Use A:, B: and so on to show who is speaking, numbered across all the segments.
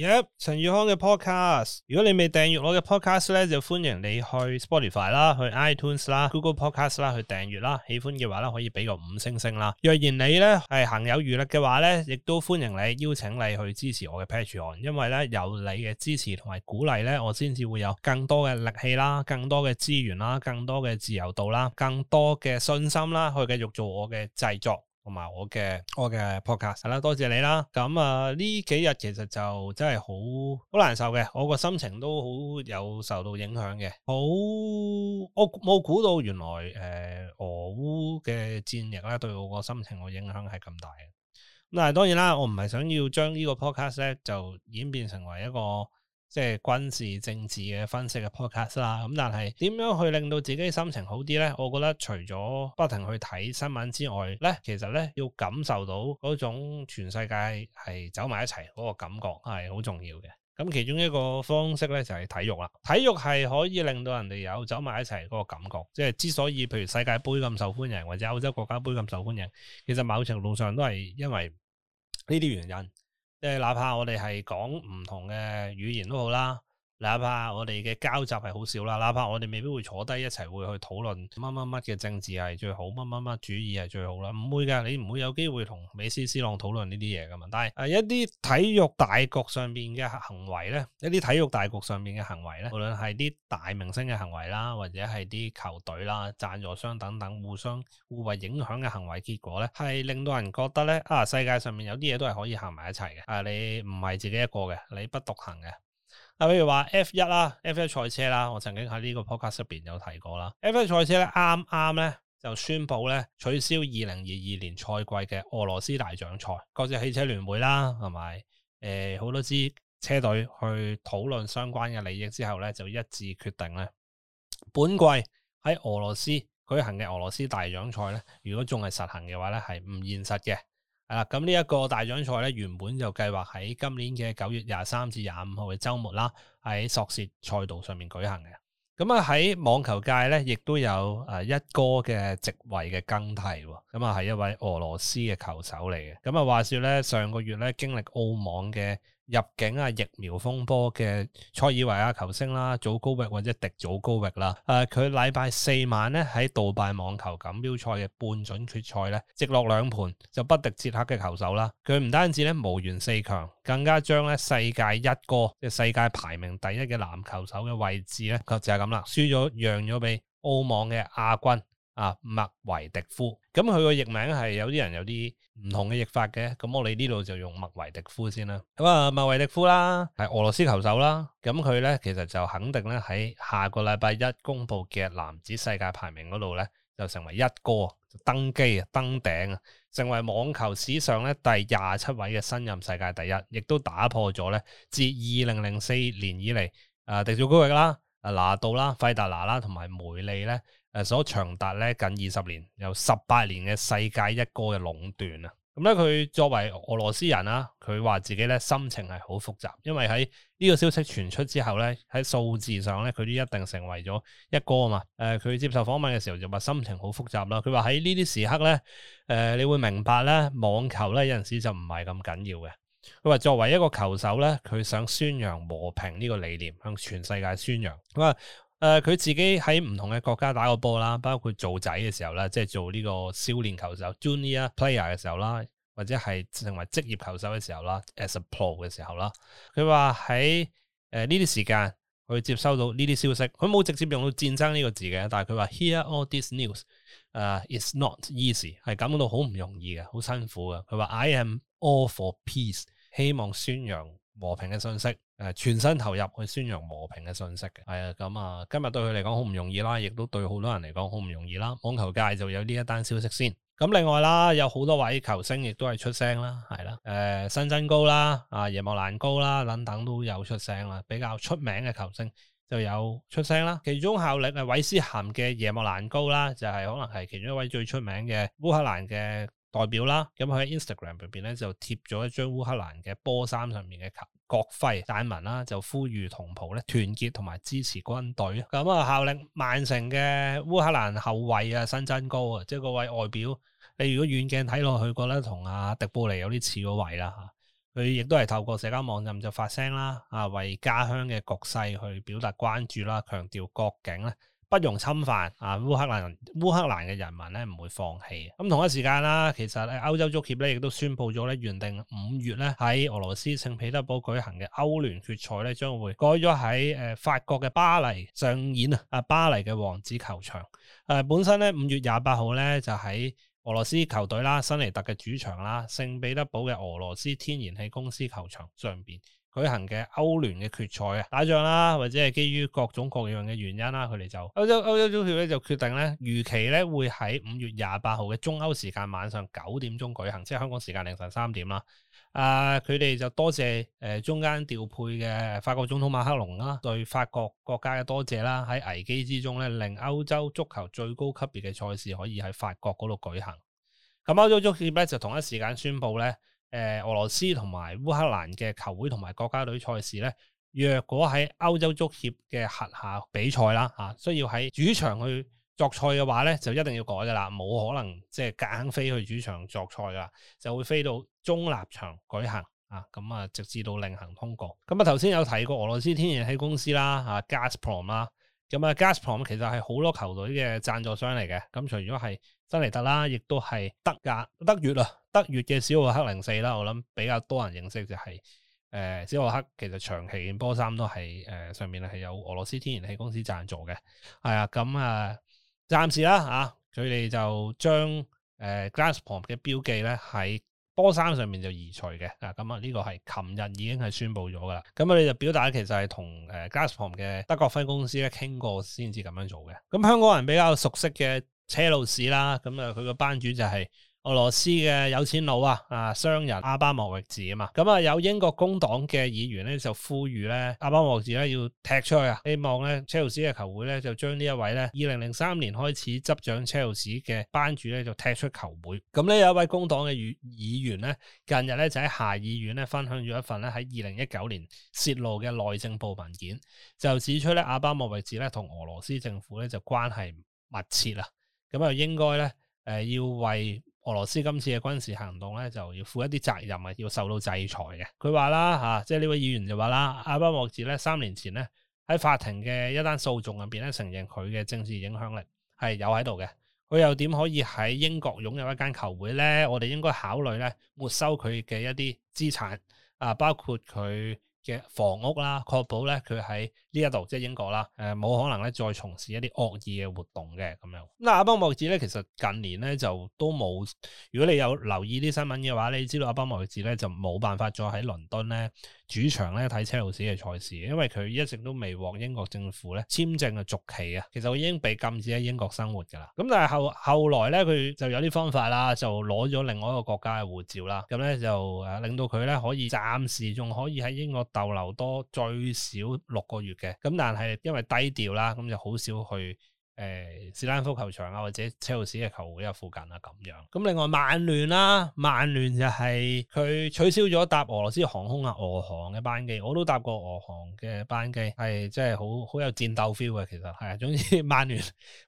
A: Yep，陳宇康嘅 podcast，如果你未訂閱我嘅 podcast 咧，就歡迎你去 Spotify 啦、去 iTunes 啦、Google Podcast 啦、去訂閱啦。喜歡嘅話咧，可以俾個五星星啦。若然你呢係行有餘力嘅話呢，亦都歡迎你邀請你去支持我嘅 Patreon，因為呢，有你嘅支持同埋鼓勵呢，我先至會有更多嘅力氣啦、更多嘅資源啦、更多嘅自由度啦、更多嘅信心啦，去繼續做我嘅製作。同埋我嘅我嘅 podcast 啦，多謝你啦。咁啊呢幾日其實就真係好好難受嘅，我個心情都好有受到影響嘅。好，我冇估到原來誒，俄烏嘅戰役咧對我個心情嘅影響係咁大嘅。咁但係當然啦，我唔係想要將呢個 podcast 咧就演變成為一個。即係軍事政治嘅分析嘅 podcast 啦，咁但係點樣去令到自己心情好啲呢？我覺得除咗不停去睇新聞之外呢，其實呢，要感受到嗰種全世界係走埋一齊嗰個感覺係好重要嘅。咁其中一個方式呢，就係體育啦，體育係可以令到人哋有走埋一齊嗰個感覺。即係之所以譬如世界盃咁受歡迎，或者歐洲國家盃咁受歡迎，其實某程度上都係因為呢啲原因。即係哪怕我哋係講唔同嘅語言都好啦。哪怕我哋嘅交集係好少啦，哪怕我哋未必會坐低一齊會去討論乜乜乜嘅政治係最好，乜乜乜主義係最好啦，唔會噶，你唔會有機會同美斯、C 朗討論呢啲嘢噶嘛。但係一啲體育大局上面嘅行為呢，一啲體育大局上面嘅行為呢，無論係啲大明星嘅行為啦，或者係啲球隊啦、贊助商等等，互相互為影響嘅行為，結果呢，係令到人覺得呢，啊，世界上面有啲嘢都係可以行埋一齊嘅啊，你唔係自己一個嘅，你不獨行嘅。嗱，比如話 F 一啦，F 一賽車啦，我曾經喺呢個 podcast 入面有提過啦。F 一賽車呢，啱啱呢就宣布咧取消二零二二年賽季嘅俄羅斯大獎賽。國際汽車聯會啦，同埋誒好多支車隊去討論相關嘅利益之後呢，就一致決定呢，本季喺俄羅斯舉行嘅俄羅斯大獎賽呢，如果仲係實行嘅話呢係唔現實嘅。係啦，呢一個大獎賽咧，原本就計劃喺今年嘅九月廿三至廿五號嘅周末啦，喺索契賽道上面舉行嘅。咁啊喺網球界咧，亦都有誒一哥嘅席位嘅更替，咁啊係一位俄羅斯嘅球手嚟嘅。咁啊話說咧，上個月咧經歷澳網嘅。入境啊！疫苗風波嘅塞爾維亞球星啦，祖高域或者迪祖高域啦。誒、呃，佢禮拜四晚呢，喺杜拜網球錦標賽嘅半準決賽呢，直落兩盤就不敵捷克嘅球手啦。佢唔單止咧無緣四強，更加將咧世界一哥即係世界排名第一嘅籃球手嘅位置咧，就係咁啦，輸咗讓咗俾澳網嘅亞軍。啊，麥維迪夫，咁佢個譯名係有啲人有啲唔同嘅譯法嘅，咁我哋呢度就用麥維迪夫先啦。咁啊，麥維迪夫啦，係俄羅斯球手啦，咁佢咧其實就肯定咧喺下個禮拜一公布嘅男子世界排名嗰度咧，就成為一哥登基登頂啊，成為網球史上咧第廿七位嘅新任世界第一，亦都打破咗咧自二零零四年以嚟，誒、啊、祖高域啦、阿拿度啦、費達拿啦同埋梅利咧。所長達咧近二十年，由十八年嘅世界一哥嘅壟斷啊！咁咧佢作為俄羅斯人啦，佢話自己咧心情係好複雜，因為喺呢個消息傳出之後咧，喺數字上咧佢都一定成為咗一哥啊嘛！誒、呃，佢接受訪問嘅時候就話心情好複雜啦。佢話喺呢啲時刻咧，誒、呃，你會明白咧網球咧有陣時就唔係咁緊要嘅。佢話作為一個球手咧，佢想宣揚和平呢個理念，向全世界宣揚。咁啊。誒，佢、呃、自己喺唔同嘅國家打過波啦，包括做仔嘅時候啦，即係做呢個少年球手 junior player 嘅時候啦，或者係成為職業球手嘅時候啦，as a pro 嘅時候啦，佢話喺誒呢啲時間佢接收到呢啲消息，佢冇直接用到戰爭呢個字嘅，但係佢話 hear all these news，誒、uh，is not easy，係感覺到好唔容易嘅，好辛苦嘅，佢話 I am all for peace，希望宣揚。和平嘅信息，全身投入去宣揚和平嘅信息的、嗯、今日對佢嚟講好唔容易啦，亦都對好多人嚟講好唔容易啦。網球界就有呢一單消息先，咁、嗯、另外啦，有好多位球星亦都係出聲啦，係啦，誒、呃，辛真高啦，啊，葉莫蘭高啦，等等都有出聲啦，比較出名嘅球星就有出聲啦，其中效力係韋斯咸嘅葉莫蘭高啦，就係、是、可能係其中一位最出名嘅烏克蘭嘅。代表啦，咁佢喺 Instagram 入邊咧，就貼咗一張烏克蘭嘅波衫，上面嘅國徽、大文啦，就呼籲同袍咧，團結同埋支持軍隊。咁啊，效力曼城嘅烏克蘭後衛啊，辛真高啊，即係嗰位外表，你如果遠鏡睇落去，覺得同阿迪布尼有啲似嗰位啦。佢亦都係透過社交網站就發聲啦，啊，為家鄉嘅局勢去表達關注啦，強調國境咧。不容侵犯啊！烏克蘭，烏克蘭嘅人民咧唔會放棄。同一時間啦，其實誒歐洲足協呢亦都宣布咗咧，原定五月咧喺俄羅斯聖彼得堡舉行嘅歐聯決賽咧，將會改咗喺法國嘅巴黎上演啊！巴黎嘅王子球場、呃、本身咧五月廿八號呢，就喺俄羅斯球隊啦，新尼特嘅主場啦，聖彼得堡嘅俄羅斯天然氣公司球場上面。舉行嘅歐聯嘅決賽啊，打仗啦，或者係基於各種各樣嘅原因啦，佢哋就歐洲歐洲足協咧就決定咧，如期咧會喺五月廿八號嘅中歐時間晚上九點鐘舉行，即係香港時間凌晨三點啦。啊，佢哋就多謝誒、呃、中間調配嘅法國總統馬克龍啦、啊，對法國國家嘅多謝啦，喺危機之中咧，令歐洲足球最高級別嘅賽事可以喺法國嗰度舉行。咁、啊、歐洲足協咧就同一時間宣布咧。誒，俄羅斯同埋烏克蘭嘅球會同埋國家隊賽事咧，若果喺歐洲足協嘅轄下比賽啦，啊，需要喺主場去作賽嘅話咧，就一定要改噶啦，冇可能即係夾硬飛去主場作賽噶啦，就會飛到中立場舉行啊，咁啊直至到另行通過。咁啊頭先有提過俄羅斯天然氣公司啦，啊 Gazprom 啦。咁啊，Gazprom 其實係好多球隊嘅贊助商嚟嘅。咁除咗係新尼特啦，亦都係德甲、德乙啊、德乙嘅小奧克零四啦。我諗比較多人認識就係、是、誒、呃、小奧克。其實長期波衫都係誒、呃、上面係有俄羅斯天然氣公司贊助嘅。係、呃、啊，咁啊，暫時啦啊，佢哋就將誒 Gazprom 嘅標記咧喺。波三上面就移除嘅，啊咁啊呢個係琴日已經係宣布咗噶啦，咁啊哋就表達其實係同誒 Gazprom 嘅德國分公司咧傾過先至咁樣做嘅，咁、啊、香港人比較熟悉嘅車路士啦，咁啊佢個班主就係、是。俄羅斯嘅有錢佬啊，啊商人阿巴莫維治啊嘛，咁、嗯、啊有英國工黨嘅議員咧就呼籲咧，阿巴莫維治咧要踢出去啊，希望咧車路士嘅球會咧就將呢一位咧二零零三年開始執掌車路士嘅班主咧就踢出球會。咁咧有一位工黨嘅議議員咧近日咧就喺下議院咧分享咗一份咧喺二零一九年洩露嘅內政部文件，就指出咧阿巴莫維治咧同俄羅斯政府咧就關係密切喇，咁、嗯、啊、嗯、應該咧誒要為。俄羅斯今次嘅軍事行動咧，就要負一啲責任啊，要受到制裁嘅。佢話啦，吓、啊，即係呢位議員就話啦，阿巴莫治咧三年前咧喺法庭嘅一單訴訟入邊咧承認佢嘅政治影響力係有喺度嘅。佢又點可以喺英國擁有一間球會咧？我哋應該考慮咧，沒收佢嘅一啲資產啊，包括佢。嘅房屋啦，確保咧佢喺呢一度即係英國啦，誒、呃、冇可能咧再從事一啲惡意嘅活動嘅咁樣。咁阿邦莫治咧，其實近年咧就都冇。如果你有留意啲新聞嘅話，你知道阿邦莫治咧就冇辦法再喺倫敦咧主場咧睇車路士嘅賽事，因為佢一直都未獲英國政府咧簽證嘅續期啊。其實佢已經被禁止喺英國生活噶啦。咁但係後後來咧佢就有啲方法啦，就攞咗另外一個國家嘅護照啦。咁咧就誒、啊、令到佢咧可以暫時仲可以喺英國。逗留多最少六個月嘅。咁但係因為低調啦，咁就好少去誒、呃、斯丹福球場啊，或者車路士嘅球會附近啊咁樣。咁另外曼聯啦，曼聯就係佢取消咗搭俄羅斯航空啊，俄航嘅班機，我都搭過俄航嘅班機，係即係好好有戰鬥 feel 嘅，其實係啊。總之曼聯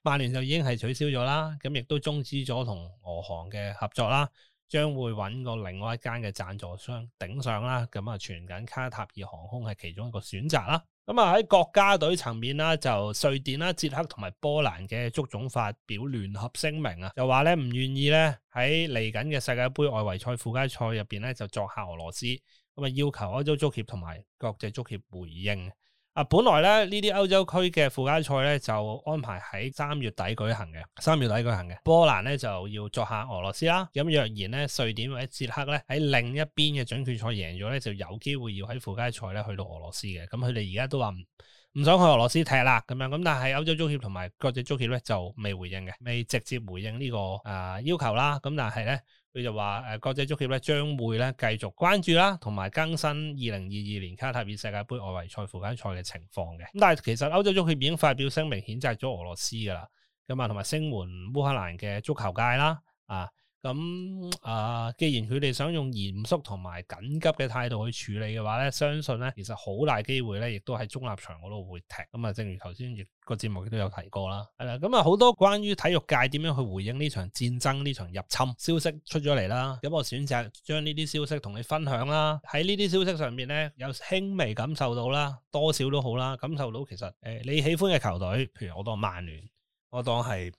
A: 曼聯就已經係取消咗啦，咁亦都終止咗同俄航嘅合作啦。將會揾個另外一間嘅贊助商頂上啦，咁啊，傳緊卡塔爾航空係其中一個選擇啦。咁啊，喺國家隊層面啦，就瑞典啦、捷克同埋波蘭嘅足總發表聯合聲明啊，就話咧唔願意咧喺嚟緊嘅世界盃外圍賽附加賽入面咧就作客俄羅斯，咁啊要求歐洲足協同埋國際足協回應。啊，本來咧呢啲歐洲區嘅附加賽咧就安排喺三月底舉行嘅，三月底舉行嘅。波蘭咧就要作客俄羅斯啦。咁、嗯、若然咧瑞典或者捷克咧喺另一邊嘅準決賽贏咗咧，就有機會要喺附加賽咧去到俄羅斯嘅。咁佢哋而家都話唔唔想去俄羅斯踢啦咁樣。咁但係歐洲足協同埋國際足協咧就未回應嘅，未直接回應呢、呢個啊、呃、要求啦。咁但係咧。佢就話誒，國際足協咧將會咧繼續關注啦，同埋更新二零二二年卡塔爾世界杯外圍賽附加賽嘅情況嘅。但係其實歐洲足協已經發表聲明譴責咗俄羅斯㗎喇，咁啊同埋聲援烏克蘭嘅足球界啦啊。咁啊，既然佢哋想用嚴肅同埋緊急嘅態度去處理嘅話咧，相信咧其實好大機會咧，亦都喺中立場嗰度會踢。咁啊，正如頭先個節目都有提過啦，係啦。咁啊，好多關於體育界點樣去回應呢場戰爭、呢場入侵消息出咗嚟啦。咁我選擇將呢啲消息同你分享啦。喺呢啲消息上面，咧，有輕微感受到啦，多少都好啦。感受到其實誒、呃，你喜歡嘅球隊，譬如我當曼聯，我當係。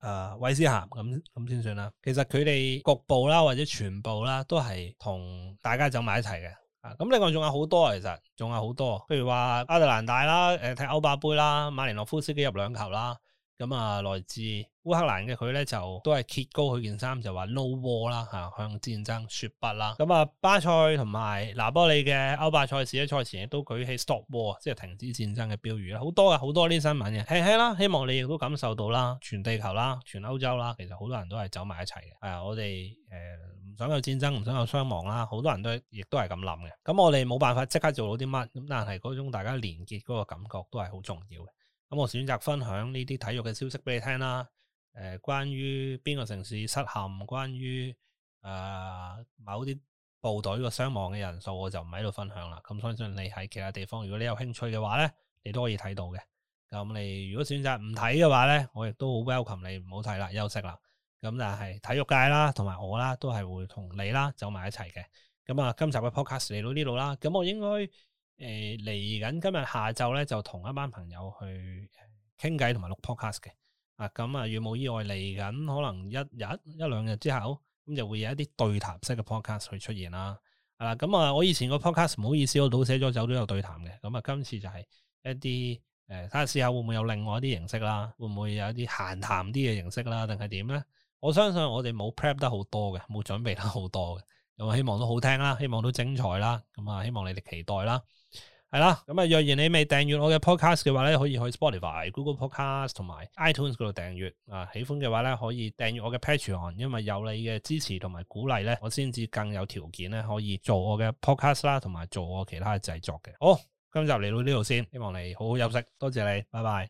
A: 誒，威、啊、斯咸咁咁先算啦。其實佢哋局部啦或者全部啦都係同大家走埋一齊嘅。啊、咁、嗯、另外仲有好多，其實仲有好多，譬如話亞特蘭大啦，誒、呃，睇歐霸盃啦，馬連諾夫斯基入兩球啦。啊咁啊，來自烏克蘭嘅佢咧就都係揭高佢件衫，就話 No war 啦，嚇向戰爭說不啦。咁啊，巴塞同埋拿波利嘅歐霸賽事咧，賽前亦都舉起 stop war，即係停止戰爭嘅標語啦。好多嘅好多呢啲新聞嘅，嘿嘿啦，希望你亦都感受到啦，全地球啦，全歐洲啦，其實好多人都係走埋一齊嘅。係啊，我哋誒唔想有戰爭，唔想有傷亡啦，好多人都亦都係咁諗嘅。咁我哋冇辦法即刻做到啲乜，咁但係嗰種大家連結嗰個感覺都係好重要嘅。咁我選擇分享呢啲體育嘅消息俾你聽啦。誒、呃，關於邊個城市失陷，關於誒、呃、某啲部隊個傷亡嘅人數，我就唔喺度分享啦。咁相信你喺其他地方，如果你有興趣嘅話呢，你都可以睇到嘅。咁你如果選擇唔睇嘅話呢，我亦都好 Welcome 你唔好睇啦，休息啦。咁但係體育界啦，同埋我啦，都係會同你啦走埋一齊嘅。咁啊，今集嘅 podcast 嚟到呢度啦。咁我應該。誒，嚟緊、呃、今日下晝咧，就同一班朋友去傾偈同埋錄 podcast 嘅。啊，咁、嗯、啊，如無意外嚟緊，可能一日一兩日之後，咁、嗯、就會有一啲對談式嘅 podcast 去出現啦。係、啊、啦，咁、嗯、啊，我以前個 podcast 唔好意思，我倒寫咗走都有對談嘅。咁、嗯、啊，今次就係一啲誒，睇、呃、下試下會唔會有另外一啲形式啦，會唔會有一啲閒談啲嘅形式啦，定係點咧？我相信我哋冇 plan 得好多嘅，冇準備得好多嘅。希望都好聽啦，希望都精彩啦，咁，啊，希望你哋期待啦，係啦，咁，啊，若然你未訂閱我嘅 podcast 嘅話咧，可以去 Spotify、Google Podcast 同埋 iTunes 嗰度訂閱啊，喜歡嘅話咧，可以訂閱我嘅 Patreon，因為有你嘅支持同埋鼓勵咧，我先至更有條件咧可以做我嘅 podcast 啦，同埋做我其他嘅製作嘅。好，今日嚟到呢度先，希望你好好休息，多謝你，拜拜。